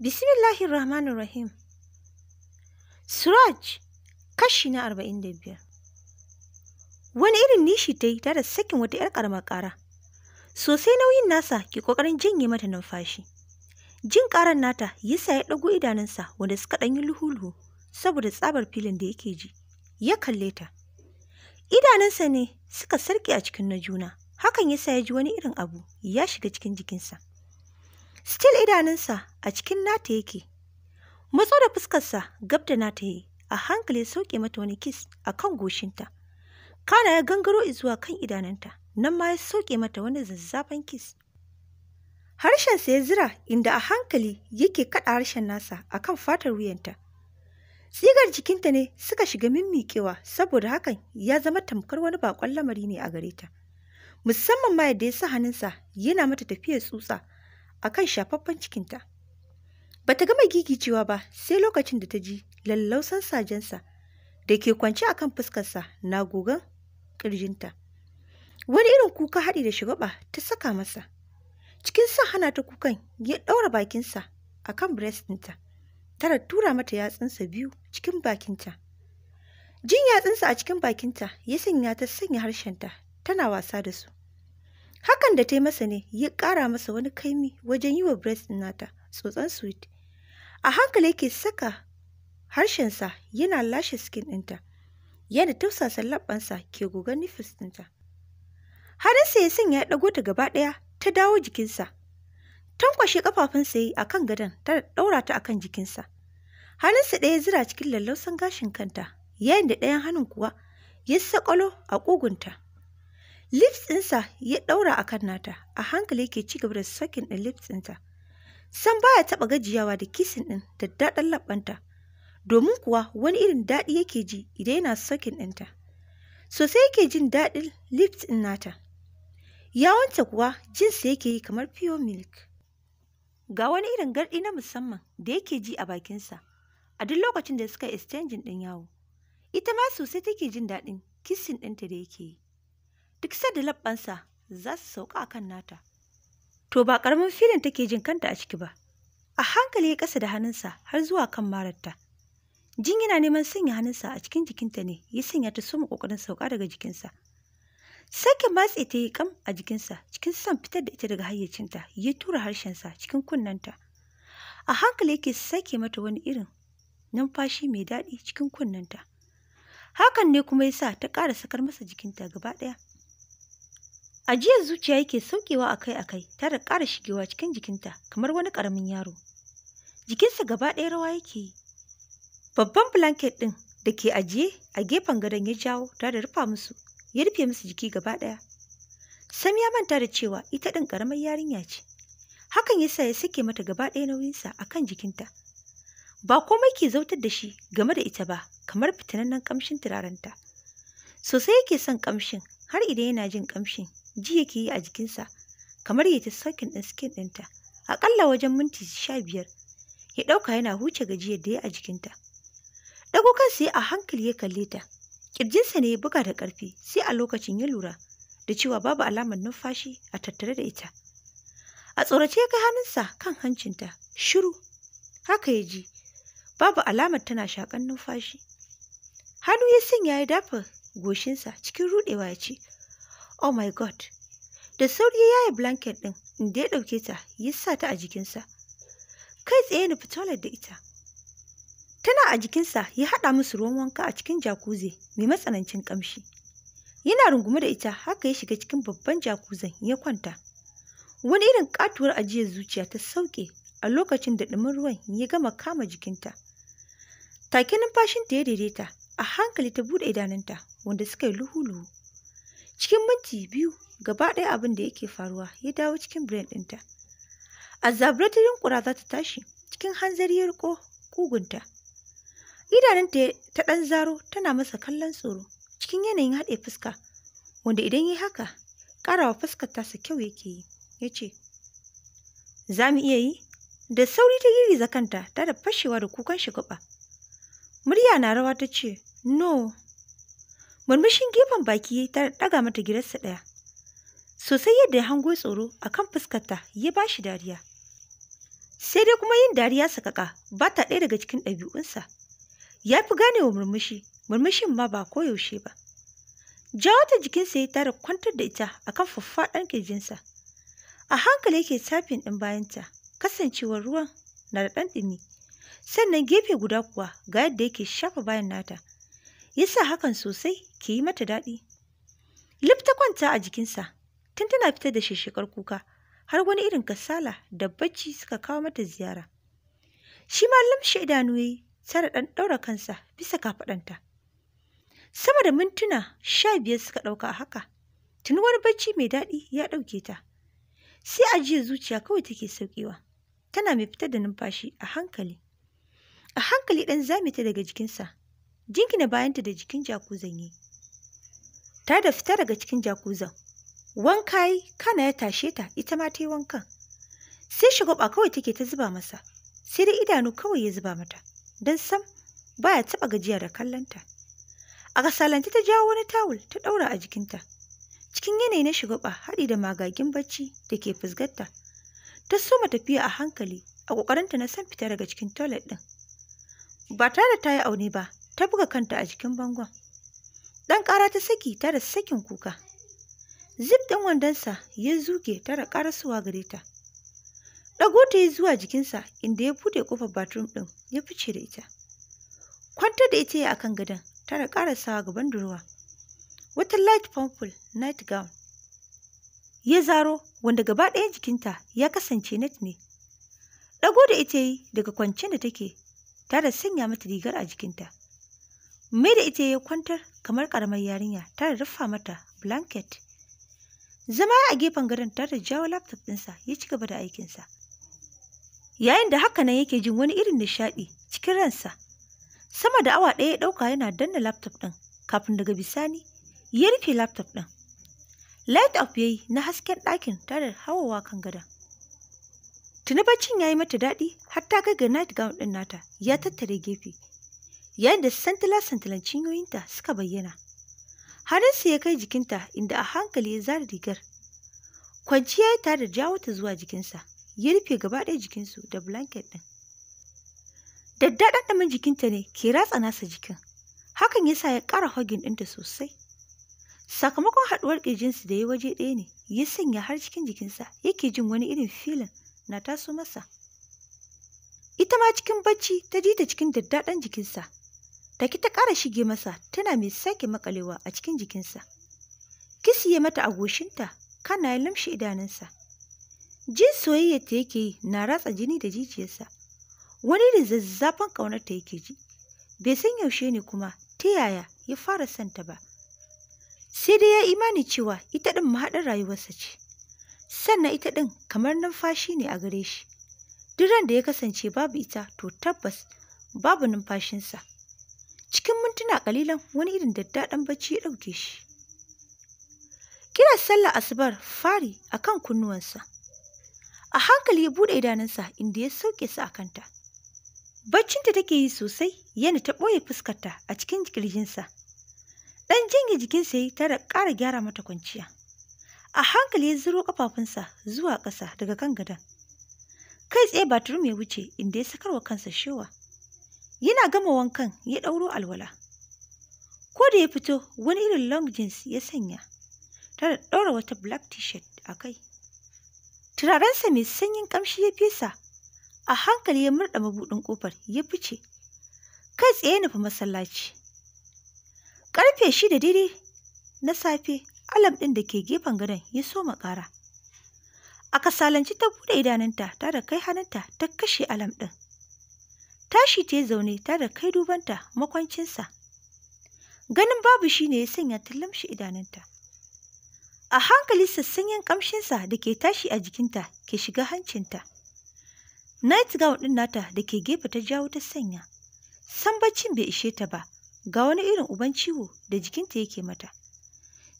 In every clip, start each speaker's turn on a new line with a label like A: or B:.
A: Bismillahir Rahmanir Rahim. Suraj, kashi na arba'in da biyar. Wani irin nishi ta yi tare da sakin wata 'yar ƙaramar ƙara. Sosai nauyin nasa ke ƙoƙarin janye mata numfashi. Jin ƙarar nata yasa ya ɗago idanunsa wanda suka ɗan yi luhu-luhu saboda tsabar filin da yake ji. Ya kalle ta. Idanunsa ne suka sarƙe a cikin na juna. Hakan yasa ya ji wani irin abu ya shiga cikin jikinsa. Still idanunsa a cikin nata yake. Matso da fuskarsa gab da nata yi, a hankali sauke mata wani kis a kan goshinta. Kana ya gangaro zuwa kan idanunta, nan ma ya sauke mata wani zazzafan kis. Harshensa ya zira inda a hankali yake kaɗa harshen nasa akan fatar wuyanta. Sigar jikinta ne suka shiga mimmiƙewa saboda hakan ya zama tamkar wani bakon lamari ne a gare ta. Musamman ma yadda ya sa hannunsa yana mata tafiyar tsutsa a kan shafaffen cikinta. Ba ta gama cewa ba sai lokacin da ta ji lallausan sajensa da ke kwance a kan fuskarsa na gogon ƙirjinta. Wani irin kuka haɗi da ba ta saka masa. Cikin sa hana ta kukan ya ɗaura bakinsa a kan ɗinta. Tara tura mata yatsunsa biyu cikin bakinta. Jin yatsunsa a cikin bakinta ya sanya ta sanya harshenta tana wasa da su. Hakan da ta yi masa ne ya ƙara masa wani kaimi wajen yi wa breast ɗin nata tsotson sweet. A hankali yake saka harshensa yana lashe skin ɗinta, yana tausasa labbansa ke gogan nifis ɗinta. Harinsa ya sanya ya ɗago ta gaba ɗaya ta dawo jikinsa. Tankwashe ƙafafunsa yi a kan gadon ta ɗaura ta a kan jikinsa. Harinsa ɗaya zira cikin lallausan gashin kanta, yayin da ɗayan hannun kuwa ya saƙalo a ƙugunta. Lips ɗinsa ya ɗaura a kan nata, a hankali yake ci gaba da sakin ɗin lips ɗinta. san baya taɓa gajiyawa da kisin ɗin da daɗin laɓɓanta, domin kuwa wani irin daɗi yake ji idan yana sakin ɗinta. Sosai yake jin daɗin lips ɗin nata. Yawanta kuwa jinsa yake yi kamar pure milk. Ga wani irin garɗi na musamman da yake ji a bakinsa a duk lokacin da suka exchanging ɗin yawo. Ita ma sosai take jin daɗin kisin ɗinta da yake yi. duk sadda labbansa za su sauka akan nata to ba ƙaramin filin take jin kanta a ciki ba a hankali ya kasa da hannunsa har zuwa kan mararta jin yana neman sanya hannunsa a cikin jikinta ne ya sanya ta suma kokarin sauka daga jikinsa sake matse ta yi kam a jikinsa cikin son fitar da ita daga hayyacinta ya tura harshensa cikin kunnanta a hankali yake sake mata wani irin numfashi mai daɗi cikin kunnanta hakan ne kuma ya sa ta ƙara sakar masa jikinta gaba ɗaya ajiyar zuciya yake saukewa akai-akai tare ƙara shigewa cikin jikinta kamar wani ƙaramin yaro jikinsa gaba ɗaya rawa yake yi babban blanket ɗin da ke ajiye a gefen gadon ya jawo tare da rufa musu ya rufe musu jiki gaba ɗaya sam ya manta da cewa ita ɗin ƙaramar yarinya ce hakan ya sa ya sake mata gaba ɗaya nauyinsa a kan jikinta ba komai ke zautar da shi game da ita ba kamar fitinannen ƙamshin turarenta sosai yake son ƙamshin har idan yana jin ƙamshin ji yake yi a jikinsa kamar ya ta sakin ɗin skin ɗinta aƙalla wajen minti sha biyar ya ɗauka yana huce gajiyar da ya a jikinta ɗago kansa ya a hankali ya kalle ta ƙirjinsa ne ya buga da ƙarfi sai a lokacin ya lura da cewa babu alamar numfashi a tattare da ita a tsorace ya kai hannunsa kan hancinta shiru haka ya ji babu alamar tana shakan numfashi hannu ya sanya ya dafa goshinsa cikin ruɗewa ya ce Oh my God! Da sauri ya yi blanket ɗin inda ya ɗauke ta ya sa ta a jikinsa. Kai tsaye nufi toilet da ita. Tana a jikinsa ya haɗa musu ruwan wanka a cikin jakuzi mai matsanancin ƙamshi. Yana rungume da ita haka ya shiga cikin babban jakuzan ya kwanta. Wani irin ƙatuwar ajiyar zuciya ta sauke a lokacin da ɗumin ruwan ya gama kama jikinta. Take numfashinta ya daidaita a hankali ta buɗe idanunta wanda suka yi luhu-luhu. cikin minti biyu gaba ɗaya abin da yake faruwa ya dawo cikin brain ɗinta a zaburatar yunkura za ta tashi cikin hanzari ya riko kugunta idanunta ta ɗan zaro tana masa kallon tsoro cikin yanayin haɗe fuska wanda idan yi haka ƙarawa fuskar tasa kyau yake yi ya ce za mu iya yi da sauri ta girgiza kanta ta da fashewa da kukan shugaba. murya na rawa ta ce no murmushin gefen baki ta daga mata girarsa ɗaya sosai yadda ya hango tsoro a kan fuskarta ya ba shi dariya sai dai kuma yin dariya sakaka ba ta ɗaya daga cikin ɗabi'unsa ya fi wa murmushi murmushin ma ba koyaushe ba jawo ta jikinsa ya tara kwantar da ita akan faffaɗan kirjinsa a hankali yake tafin ɗin bayanta kasancewar ruwan na da ɗan ɗumi sannan gefe guda kuwa ga yadda yake shafa bayan nata ya sa hakan sosai ke yi mata daɗi. Lif ta kwanta a jikinsa, tun tana fitar da shishikar kuka, har wani irin kasala da bacci suka kawo mata ziyara. Shi ma lamshe idanu ya yi, tare ɗan ɗaura kansa bisa kafaɗanta. Sama da mintuna sha biyar suka ɗauka a haka, tuni wani bacci mai daɗi ya ɗauke ta. Sai ajiyar zuciya kawai take sauƙewa, tana mai fitar da numfashi a hankali. A hankali ɗan zame ta daga jikinsa, jingina bayanta da jikin jakuzan yi ta da fita daga cikin jakuzan wanka yi kana ya tashe ta ita ma ta yi wankan sai ba kawai take ta zuba masa sai dai idanu kawai ya zuba mata don sam baya taɓa gajiya da kallonta a kasalance ta jawo wani tawul ta ɗaura a jikinta cikin yanayi na ba haɗi da magagin bacci da ke fusgarta ta soma tafiya a hankali a ƙoƙarinta na san fita daga cikin toilet ɗin ba tare da ta yi aune ba ta buga kanta a jikin bangon ɗan ƙara ta saki tare sakin kuka zip ɗin wandonsa ya zuge tara ƙarasuwa gare ta ɗago ta yi zuwa jikinsa inda ya buɗe ƙofar bathroom ɗin ya fice da ita kwanta da ita ya kan gadon tara ƙarasawa gaban durowa wata light purple night gown ya zaro wanda gaba ɗaya jikinta ya kasance net ne ɗago da ita yi daga kwancen da take tare sanya mata rigar a jikinta mai da ita ya kwantar kamar karamar yarinya tare rufa mata blanket zama a gefen gadon tare da jawo laptop ɗinsa ya ci gaba da aikinsa yayin da haka nan yake jin wani irin nishaɗi cikin ransa sama da awa ɗaya ya ɗauka yana danna laptop ɗin kafin daga bisani ya rufe laptop ɗin light up ya yi na hasken ɗakin tare da hawawa kan gadon tuni baccin ya yi mata daɗi hatta kai ga night gown ɗin nata ya tattare gefe yayin santala santila-santilan cinyoyinta suka bayyana. Harinsu ya kai jikinta inda a hankali ya zara rigar. Kwanciya ya tare da jawo ta zuwa jikinsa, ya rufe gaba ɗaya jikinsu da blanket ɗin. Daddaɗan ɗamin jikinta ne ke ratsa nasa jikin, hakan ya sa ya ƙara hogin ɗinta sosai. Sakamakon haɗuwar ƙirjinsu da ya waje ɗaya ne, ya sanya har cikin jikinsa yake jin wani irin filin na taso masa. Ita ma cikin bacci ta ji ta cikin daddaɗan jikinsa, Take ta ƙara shige masa tana mai sake makalewa a cikin jikinsa. Kisiye mata agoshinta goshinta kana ya lamshe idanunsa. Jin soyayya ta yake yi na ratsa jini da jijiyarsa. Wani da zazzafan ƙaunar ta yake ji. Bai san yaushe ne kuma ta yaya ya fara santa ba. Sai dai ya imani cewa ita ɗin mahaɗin rayuwarsa ce. Sannan ita ɗin kamar numfashi ne a gare shi. Duk da ya kasance babu ita to tabbas babu numfashinsa. cikin mintuna kalilan wani irin daddaɗan bacci ya ɗauke shi kira sallar asubar fari akan kunnuwansa a hankali ya buɗe idanunsa inda ya sauke su a kanta baccinta take yi sosai yana ta ɓoye fuskarta a cikin kirjinsa ɗan janye jikinsa ya tara ƙara gyara mata kwanciya a hankali ya zuro ƙafafunsa zuwa ƙasa daga kan gadon kai tsaye baturum ya wuce inda ya sakarwa kansa shewa Yana gama wankan ya ɗauro alwala. Ko da ya fito wani irin long jeans ya sanya, tare ɗaura wata black t-shirt a kai. Turarensa mai sanyin ƙamshi ya fesa, a hankali ya murɗa mabuɗin ƙofar ya fice, kai tsaye nufa masallaci. Ƙarfe shida daidai na safe, alam ɗin da ke gefen gadon ya soma ƙara. A kasalanci ta buɗe idanunta tare da kai hannunta ta kashe alam ɗin. tashi ta zaune tare da kai dubanta makwancinsa ganin babu shi ne ya sanya tallamshi lamshi idanunta a hankali sassanyen kamshinsa da ke tashi a jikinta ke shiga hancinta night gown ɗin nata da ke gefe ta jawo ta sanya san baccin bai ishe ta ba ga wani irin uban ciwo da jikinta yake mata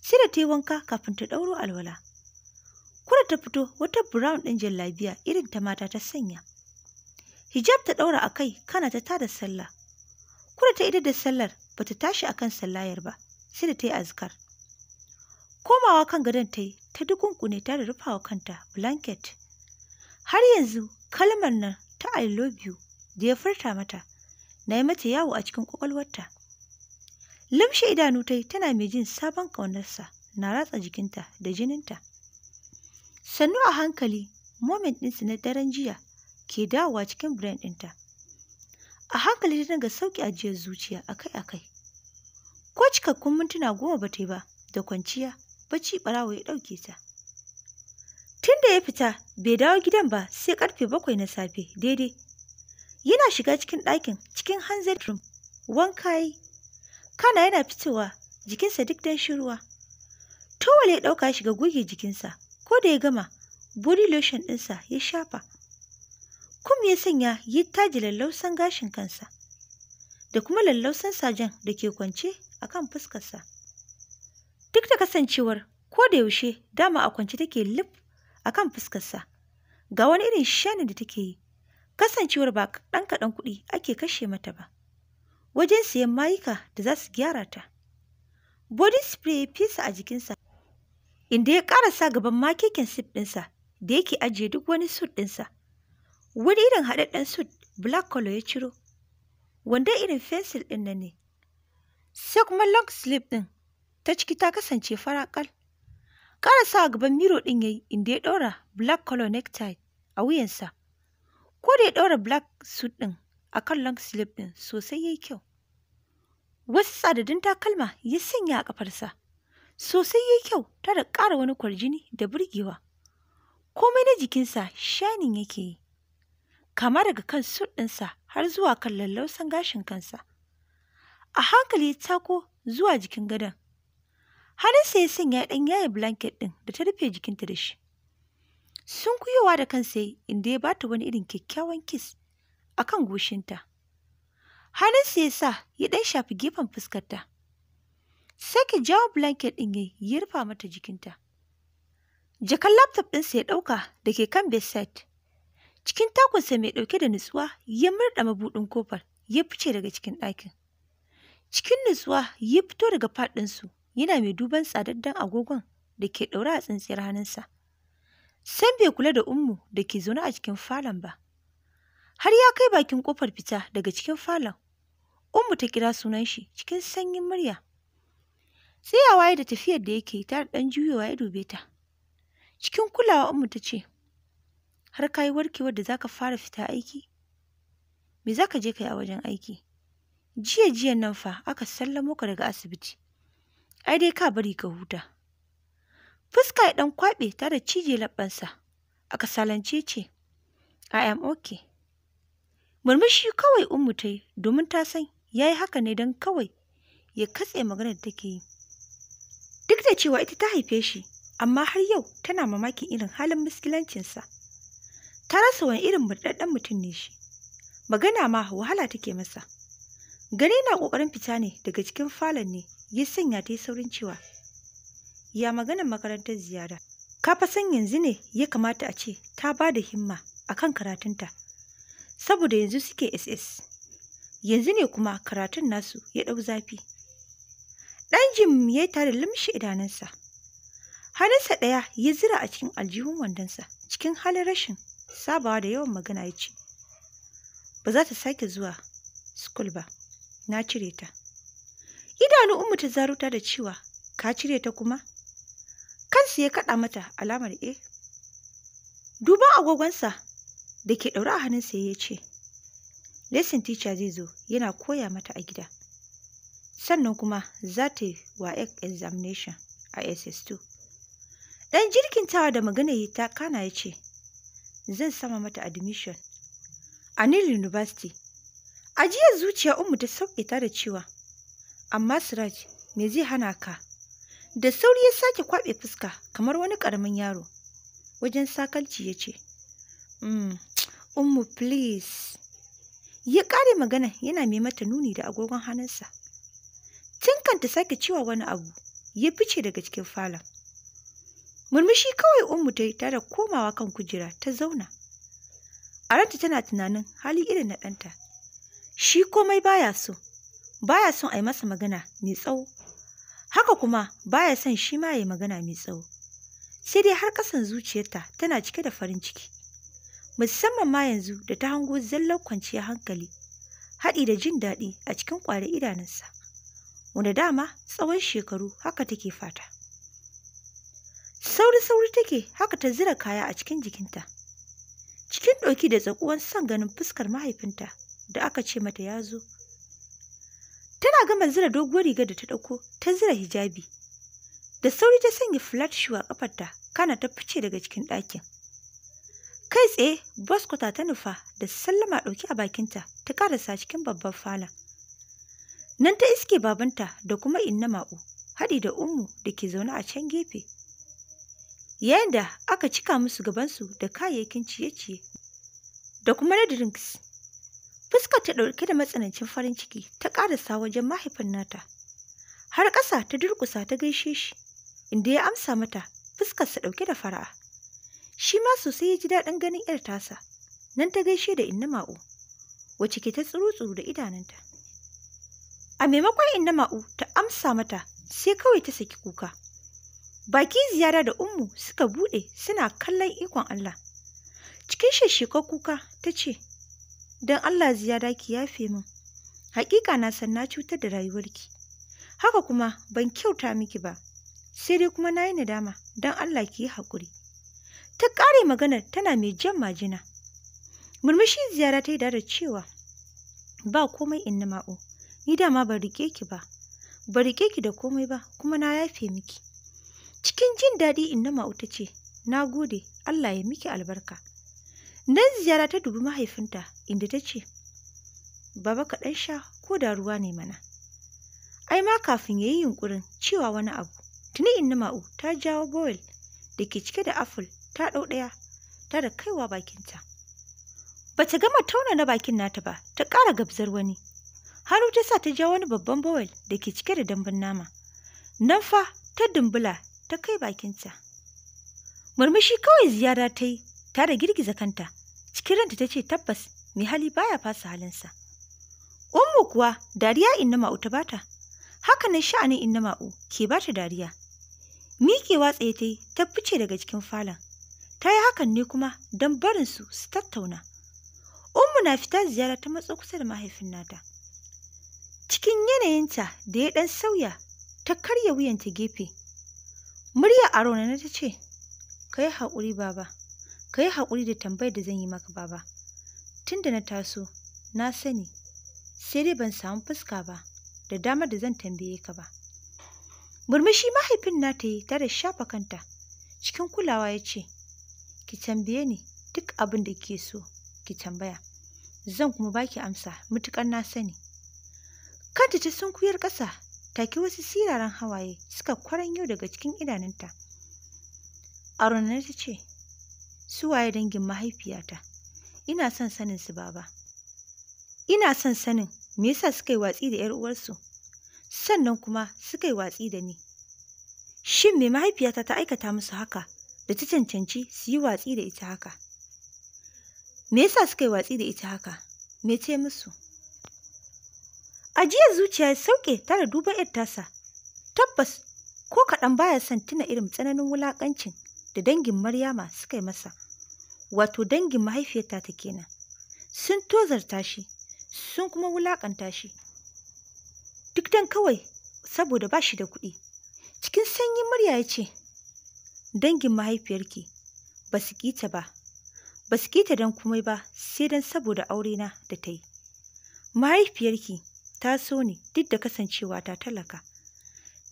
A: sai da ta yi wanka kafin ta ɗauro alwala Kura ta fito wata brown ɗin jallabiya irin ta mata ta sanya hijab ta ɗaura a kai kana ta tada sallah kuda ta idar da sallar ba ta tashi a kan sallayar ba sai da ta yi azkar komawa kan gadon ta yi ta dukunkune ta da rufawa kanta blanket har yanzu kalmar nan ta I love you da ya furta mata na yi mata yawo a cikin kwakwalwarta limshe idanu ta yi tana mai jin sabon ƙaunarsa na ratsa jikinta da jininta sannu a hankali moment ɗinsu na daren jiya ke dawowa cikin brain ɗinta. A hankali ta dinga sauƙi ajiyar zuciya akai-akai. Ko cikakkun mintuna goma ba ta yi ba da kwanciya bacci ɓarawo ya ɗauke ta. Tun da ya fita bai dawo gidan ba sai karfe bakwai na safe daidai. Yana shiga cikin ɗakin cikin hanzar room wanka yi. Kana yana fitowa jikinsa duk dan shiruwa. Towal ya ɗauka shiga goge jikinsa ko da ya gama body lotion ɗinsa ya shafa. Kum ya sanya ya taji lallausan gashin kansa da kuma lallausan sajan da ke kwance a kan fuskarsa. Duk da kasancewar ko da yaushe dama a kwance take lif a kan fuskarsa ga wani irin shanin da take yi kasancewar ba ɗan kaɗan kuɗi ake kashe mata ba wajen siyan mayuka da za su gyara ta. Body spray ya fesa a jikinsa inda ya ƙarasa gaban makekin sif ɗinsa da yake ajiye duk wani sut ɗinsa. wani irin haɗaɗɗen suit black color ya ciro wanda irin fensil ɗin nan ne sai kuma long sleeve ɗin ta ciki ta kasance faraƙal ƙarasa sa gaban miro ɗin yayi inda ya ɗora black color necktie a wuyansa ko da ya ɗora black suit ɗin a kan long sleeve ɗin sosai yayi kyau wasu tsadadin takalma ya sanya a ƙafarsa sosai yayi kyau tare ƙara wani kwarjini da burgewa komai na jikinsa shanin yake yi kama daga kan ɗinsa har zuwa kan lallausan gashin kansa. A hankali ya tako zuwa jikin gadon. Hannunsa ya sanya ɗan yaye blanket ɗin da ta rufe jikinta da shi. Sun kuyowa da kansa inda ya bata wani irin kyakkyawan kis a kan goshinta. Hannunsa ya sa ya ɗan shafi gefen fuskarta. Sai ki jawo blanket ɗin ya yi rufa mata jikinta. Jakan laptop ɗinsa ya ɗauka da ke kan bedside Cikin takunsa mai ɗauke da nutsuwa ya murɗa mabuɗin kofar ya fice daga cikin ɗakin. Cikin nutsuwa ya fito daga faɗinsu yana mai duban tsadaddan agogon da ke ɗaure a tsintsiyar hannunsa. San bai kula da Ummu da ke zaune a cikin falon ba. Har ya kai bakin kofar fita daga cikin falon. Ummu ta kira sunan shi cikin sanyin murya. Tsayawa da tafiyar da yake tare ɗan juyowa ya dube ta. Cikin kulawa Ummu ta ce, har ka yi warkewar da ka fara fita aiki me za ka je kai a wajen aiki jiya jiya nan fa aka sallamo ka daga asibiti ai dai ka bari ka huta fuska ya ɗan kwaɓe tare cije labbansa aka salance ce i am okay murmushi kawai ummu ta yi domin ta san ya yi haka ne don kawai ya katse magana da take yi duk da cewa ita ta haife shi amma har yau tana mamakin irin halin miskilancinsa ta rasa wani irin murɗaɗɗen mutum ne shi magana ma wahala take masa gani na ƙoƙarin fita ne daga cikin falon ne ya sanya ta yi saurin cewa ya maganar makarantar ziyara ka fa san yanzu ne ya kamata a ce ta ba da himma a kan karatunta saboda yanzu suke ss yanzu ne kuma karatun nasu ya ɗau zafi ɗan jim ya yi tare limshi idanunsa hannunsa ɗaya ya zira a cikin aljihun wandonsa cikin halin rashin sabawa da yawan magana ya ce ba za ta sake zuwa skul ba na cire ta idanu ummu ta zaruta da cewa ka cire ta kuma kansu ya kaɗa mata alamar A. Eh. duban agogonsa da ke ɗaure a hannunsa ya ce lesson teacher zai zo yana koya mata a gida sannan kuma za ta yi wa examination a ss2 ɗan tawa da magana ta kana ya ce zan sama mata admission a Nil University. Ajiyar zuciya Umu ta sauke ta da cewa, amma Siraj, me zai hana ka? Da sauri ya sake kwaɓe fuska kamar wani ƙaramin yaro. Wajen sakalci ya ce, mm, Umu, please. Ya ƙare magana yana mai mata nuni da agogon hannunsa. cinkanta sake cewa wani abu, ya fice daga cikin falon. murmushi kawai ummu ta yi tare komawa kan kujera ta zauna a tana tunanin hali irin na ɗanta shi komai baya so baya son a yi masa magana mai tsawo haka kuma baya son shi ma ya yi magana mai tsawo sai dai har ƙasan zuciyarta tana cike da farin ciki musamman ma yanzu da ta hango zallar kwanciyar hankali haɗi da jin daɗi a cikin ƙware idanunsa wanda dama tsawon shekaru haka take fata sauri-sauri take haka ta zira kaya a cikin jikinta cikin ɗauki da tsakuwan son ganin fuskar mahaifinta da aka ce mata ya zo tana gama zira doguwar riga da ta ɗauko ta zira hijabi da sauri ta sanya flat shoe a ƙafarta kana ta fice daga cikin ɗakin kai tsaye boskota ta nufa da sallama ɗauki a bakinta ta ƙarasa cikin babban falon nan ta iske babanta da kuma inna ma'u haɗi da umu da ke zaune a can gefe yayin aka cika musu gabansu da kayayyakin ciye-ciye da kuma na drinks. Fuskar ta ɗauke da matsanancin farin ciki ta ƙarasa wajen mahaifin nata. Har ƙasa ta durƙusa ta gaishe shi, inda ya amsa mata fuskarsa ɗauke da fara'a. Shi ma sosai ya ji daɗin ganin ‘yar tasa, nan ta gaishe da inna ma'u, wacce ke ta tsuru-tsuru da idanunta. A maimakon inna ma'u ta amsa mata sai kawai ta saki kuka. Baki ziyara da Ummu suka buɗe suna kallon ikon Allah. Cikin shashikar kuka ta ce, Don Allah ziyara ki yafe min, Hakika na san na cutar da rayuwarki. Haka kuma ban kyauta miki ba, sai dai kuma na yi nadama don Allah ki yi haƙuri. Ta ƙare maganar tana mai jan majina. Murmushi ziyara ta yi da cewa, Ba komai in na ma'o, ni dama ban riƙe ki ba, ba riƙe ki da komai ba, kuma na yafe miki. Cikin jin daɗi Innama'u ta ce, Na gode, Allah ya miki albarka. Nan ziyara ta dubi mahaifinta inda ta ce, Baba kaɗan sha ko da ruwa ne mana. Ai ma kafin ya yi yunƙurin cewa wani abu, tuni Innama'u ta jawo boil da ke cike da aful ta ɗau ɗaya ta da kaiwa bakinta. Ba ta gama tauna na bakin nata ba, ta ƙara gabzar wani. Haru ta sa ta ja wani babban bowel da ke cike da dambun nama. Nan fa ta dumbula ta kai bakinta. Murmushi kawai ziyara ta yi tare girgiza kanta, cikin ranta ta ce tabbas mai hali baya fasa halinsa. Ummu kuwa dariya inna ma'u ta bata, haka nan sha'anin inna ma'u ke bata dariya. Miƙewa tsaye ta yi ta fice daga cikin falon, ta yi hakan ne kuma don barinsu su tattauna. Ummu na fita ziyara ta matso kusa da mahaifin nata. Cikin yanayinta da ya ɗan sauya, ta karya wuyanta gefe Murya a ne ta ce, Ka yi haƙuri baba, ka yi haƙuri da tambayar da zan yi maka baba. tunda na taso, na sani, sai dai ban samu fuska ba, da damar da zan tambaye ka ba. Murmushi mahaifin na ta yi tare shafa kanta, cikin kulawa ya ce, Ki tambaye ni duk abin da ke so, ki tambaya. Zan kuma baki amsa, matuƙar na sani. Kanta ta sunkuyar ƙasa take wasu siraran hawaye suka kwaranyo daga cikin idanunta a ranar ta ce su waye dangin mahaifiyata ina son sanin su baba ina son sanin me yasa suka yi watsi da yar uwarsu sannan kuma suka yi watsi da ni shin me mahaifiyata ta aikata musu haka da ta cancanci su yi watsi da ita haka me yasa suka yi watsi da ita haka me ce musu ajiya zuciya ya sauke tare duba ‘yar tasa. Tabbas ko kaɗan baya son tuna irin tsananin wulaƙancin da dangin Maryama suka yi masa. Wato dangin mahaifiyarta ta kenan. Sun tozarta shi, sun kuma wulaƙanta shi. Duk dan kawai saboda ba shi da kuɗi. Cikin sanyin murya ya ce, Dangin mahaifiyarki ba su ƙita ba, ba su ƙita don komai ba sai don saboda aure na da ta yi. Mahaifiyarki ta so ni duk da kasancewa ta talaka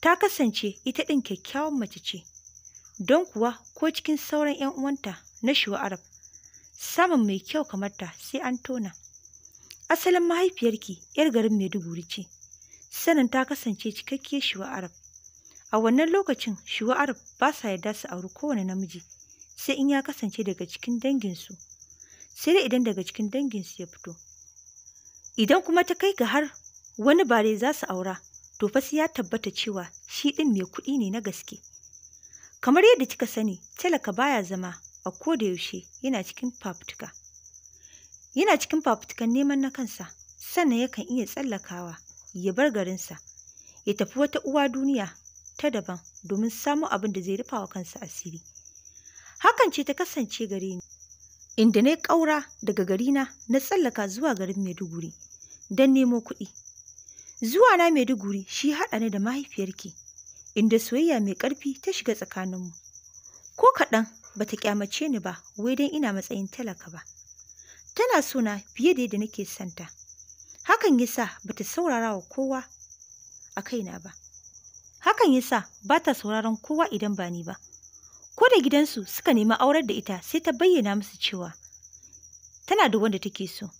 A: ta kasance ita ɗin kyakkyawan mace ce don kuwa ko cikin sauran 'yan uwanta na shuwa arab samun mai kyau kamar ta sai an tona asalin mahaifiyarki 'yar garin maiduguri ce sanin ta kasance cikakke shiwa arab a wannan lokacin shuwa arab ba sa yarda su auri kowane namiji sai in ya kasance daga cikin danginsu sai dai idan daga cikin danginsu ya fito idan kuma ta kai ga har wani ba dai za su aura to fa ya tabbata cewa shi din mai kuɗi ne na gaske kamar yadda kika sani talaka baya zama a ko da yaushe yana cikin fafutuka yana cikin fafutukan neman na kansa sannan yakan iya tsallakawa ya bar garinsa ya tafi wata uwa duniya ta daban domin samun abin da zai rufa wa kansa asiri hakan ce ta kasance gare ni inda na yi ƙaura daga garina na tsallaka zuwa garin maiduguri don nemo kuɗi Zuwa na Maiduguri shi haɗa ni da mahaifiyarki, inda soyayya mai ƙarfi ta shiga tsakaninmu. Ko kaɗan ba ta ƙyamace ni ba, wai don ina matsayin talaka ba. Tana sona fiye da yadda nake santa. Hakan ya sa ba ta saurara wa kowa a kaina ba. Hakan ya sa ba ta sauraron kowa idan ba ni ba. Ko da gidansu suka nemi aurar da ita sai ta bayyana musu cewa tana da wanda take so.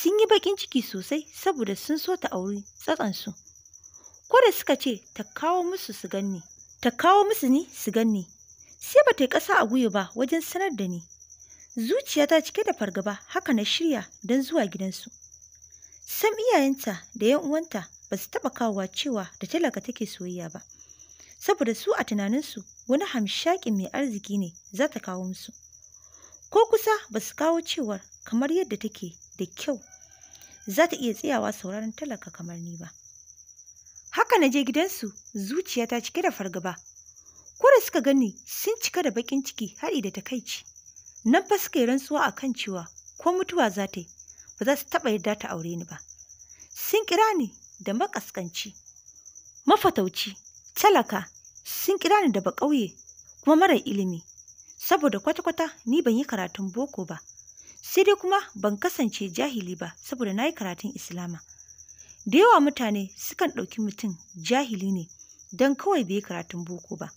A: sun yi baƙin ciki sosai saboda sun so ta auri tsatsansu. Ko da suka ce ta kawo musu su ganni, ta kawo musu ni su ganni, sai ba ta yi ƙasa a gwiwa ba wajen sanar da ni. Zuciya ta cike da fargaba haka na shirya don zuwa gidansu. Sam iyayenta da 'yan uwanta ba su taɓa kawowa cewa da talaka take soyayya ba. Saboda su a tunaninsu wani hamshakin mai arziki ne za ta kawo musu. Ko kusa ba su kawo cewar kamar yadda take da kyau za ta iya tsayawa sauraron talaka kamar ni ba haka na je gidansu zuciya ta cike da fargaba ko suka gani sun cika da bakin ciki haɗi da takaici nan fa suka yi rantsuwa a kan cewa ko mutuwa za ta yi ba za su taɓa yarda ta aure ni ba sun kira ni da makaskanci mafatauci talaka sun kira ni da baƙauye kuma mara ilimi saboda kwata-kwata ni ban yi karatun boko ba sai dai kuma ban kasance jahili ba saboda na yi karatun Islama. Da yawa mutane sukan ɗauki mutum jahili ne don kawai bai karatun boko ba.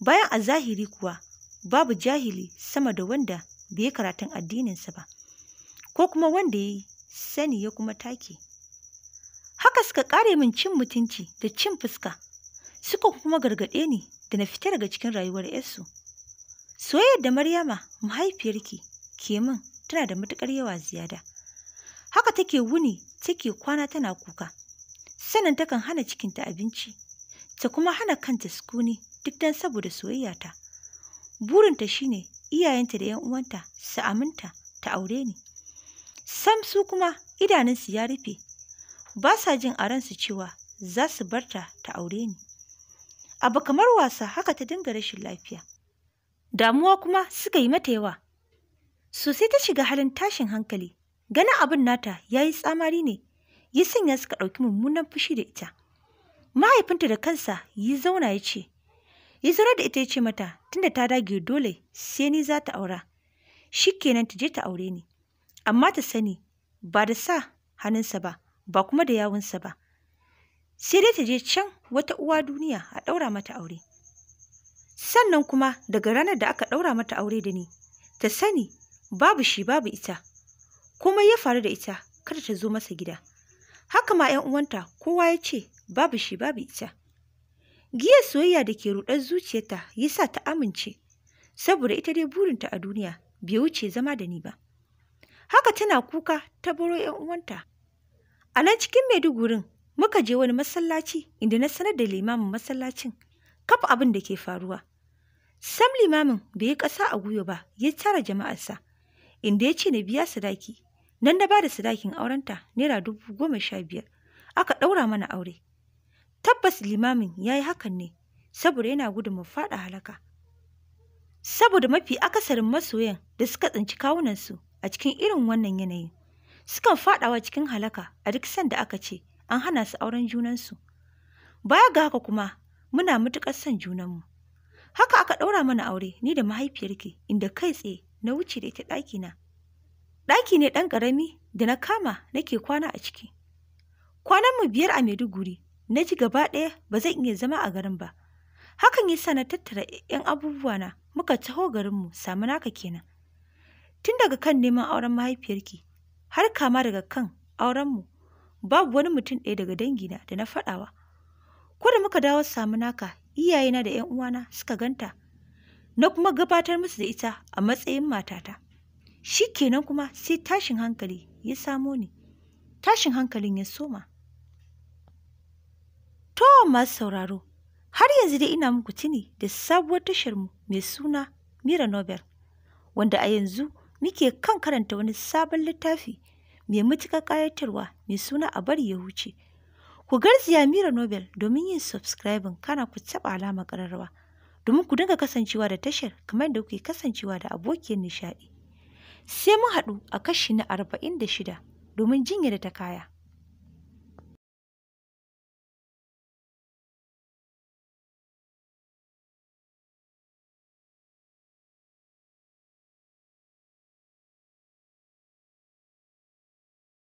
A: Bayan a zahiri kuwa babu jahili sama da wanda bai karatun addininsa ba, ko kuma wanda ya yi sani ya kuma take. Haka suka ƙare min cin mutunci da cin fuska, suka kuma gargaɗe ni da na fita daga cikin rayuwar 'yarsu. Soyayyar da Maryama mahaifiyarki ke min tana da matuƙar yawa ziyada haka take wuni take kwana tana kuka sannan takan hana cikinta abinci ta kuma hana kanta sukuni duk dan saboda soyayyata burinta shine iyayenta da 'yan uwanta su aminta ta aure ni sam su kuma idanunsu ya rufe ba sa jin a ransu cewa za su barta ta aure ni abu kamar wasa haka ta dinga rashin lafiya damuwa kuma suka yi mata yawa Sosai ta shiga halin tashin hankali, gana abin nata ya yi tsamari ne, ya sanya suka ɗauki mummunan fushi da ita. Mahaifinta da kansa yi zauna ya ce, ya zaura da ita ya ce mata tunda ta dage dole sai ni za ta aura, shi kenan ta je ta aure ni. Amma ta sani ba da sa hannunsa ba, ba kuma da yawunsa ba. Sai dai ta je can wata uwa duniya a ɗaura mata aure. Sannan kuma daga ranar da aka ɗaura mata aure da ni, ta sani babu shi babu ita komai ya faru da ita kada ta zo masa gida haka ma 'yan uwanta kowa ya ce babu shi babu ita Giya soyayya da ke ruɗar zuciyarta ya sa ta amince saboda ita dai burinta a duniya bai wuce zama da ni ba haka tana kuka ta baro 'yan uwanta a nan cikin maidugurin muka je wani masallaci inda na sanar da limamin masallacin kafa abin da ke faruwa sam limamin bai yi ƙasa a gwiwa ba ya tara jama'arsa inda ya ce na biya sadaki nan na ba da sadakin aurenta naira dubu goma sha biyar aka ɗaura mana aure tabbas limamin ya yi hakan ne saboda yana gudun mu faɗa halaka saboda mafi akasarin masoyan da suka tsinci kawunansu a cikin irin wannan yanayin sukan faɗawa cikin halaka a duk sanda aka ce an hana su auren junansu baya ga haka kuma muna matuƙar son junanmu haka aka ɗaura mana aure ni da mahaifiyarki inda kai tsaye na wuce da ita ɗakina. Ɗaki ne ɗan ƙarami da na kama nake kwana a ciki. kwanan mu biyar a Maiduguri, na ji gaba ɗaya ba zan iya zama a garin ba. Hakan ya sa na tattara 'yan abubuwa na muka taho garinmu samu naka kenan. Tun daga kan neman auren mahaifiyarki, har kama daga kan aurenmu, babu wani mutum ɗaya daga dangina da na faɗawa. Ko da muka dawo samu naka, iyayena da 'yan uwana suka ganta, na kuma gabatar musu da ita a matsayin matata. Shi kenan kuma sai tashin hankali ya samo ni, tashin hankalin ya soma. To masu sauraro, har yanzu dai ina muku tuni da sabuwar tasharmu mai suna Mira Nobel, wanda a yanzu muke kan karanta wani sabon littafi mai matuƙar ƙayatarwa mai suna a bari ya huce. Ku garziya Mira Nobel domin yin subscribing kana ku taɓa alama ƙararrawa. domin ku dinga kasancewa da tashar kamar da kuke kasancewa da abokiyar nishaɗi. Sai mun haɗu a kashi na arba'in da shida domin jinya da ta kaya.